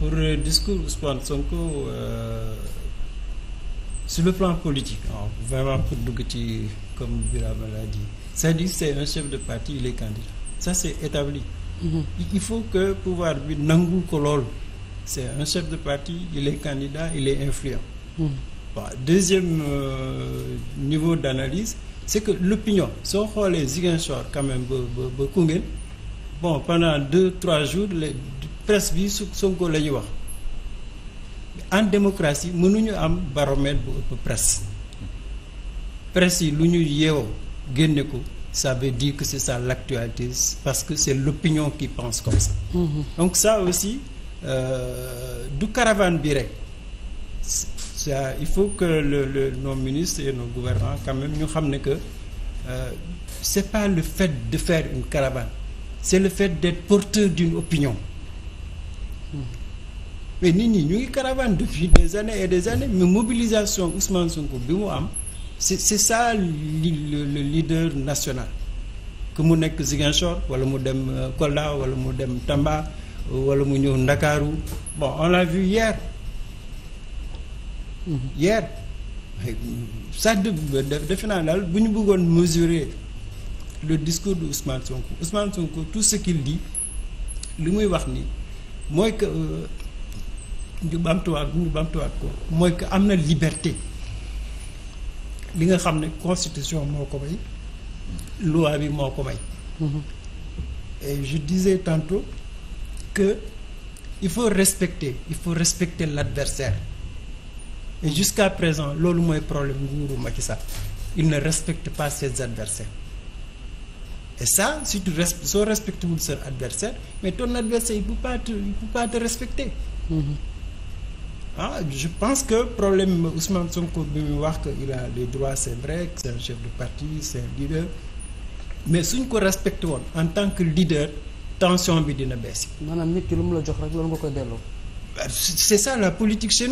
pour le euh, discours Ousmane euh, sur le plan politique non, vraiment pour dugg ci comme Birame l'a dit cest à c'est un chef de parti il est candidat ça c'est établi mhm. il faut que pouvoir bi nangu ko lool c'est un chef de parti il est candidat il est influent mm -hmm. bon deuxième euh, niveau d'analyse c'est que l'opinion soo xoolee Ziguinchor quand même ba ba ba Koungheul bon pendant deux trois jours presse bi su Sonko la ñuy wax en démocratie mënuñu am baromètre bu ëpp presse presse yi lu ñu yeewoo génne ko sa veut dire que c'est ça l'actualité parce que c'est l'opinion qui pense comme ça mm-hmm. donc ça aussi euh, du caravane bi rek ça il faut que le le nos ministres et nos gouvernants quand ñu xam ne que euh, c'est pas le fait de faire une caravane c'est le fait d'être porteur d'une opinion mais nit ñi ñu ngi caravane depuis des années et des années mais mobilisation usman Sonko bi mu am c'est c'est ça le, le, le leader national que mu nekk Ziguinchor wala mu dem euh, Kolda wala mu dem Tamba wala mu ñëw Ndakaaru bon on l'a vu hier mm-hmm. hier sax defe naa daal bu ñu bëggoon mesurer le discours de Ousmane Sonko Ousmane Sonko tout ce qu'il li muy wax ni mooy que euh, ñu bamtuwaat ñu bamtuwaat ko mooy que am na liberté li nga xam ne constitution moo ko may loi bi moo ko may mm-hmm. et je disais tantôt que il faut respecter il faut respecter l'adversaire et jusqu'à présent loolu mooy problème nguuru Macky Sall il ne respecte pas ses adversaires et ça si tu respecte soo respecté wul sa adversaire mais ton adversaire il peut pas te il peut pas te respecter mm-hmm. ah, je pense que problème Ousmane Sonko bi muy wax que il a des droits c'est vrai que chef de parti c'est un leader mais suñ ko respecté woon en tant que leader tension bi dina baisse. maanaam nit ki lu mu la jox rek loolu nga koy delloo. c'est ça la politique chez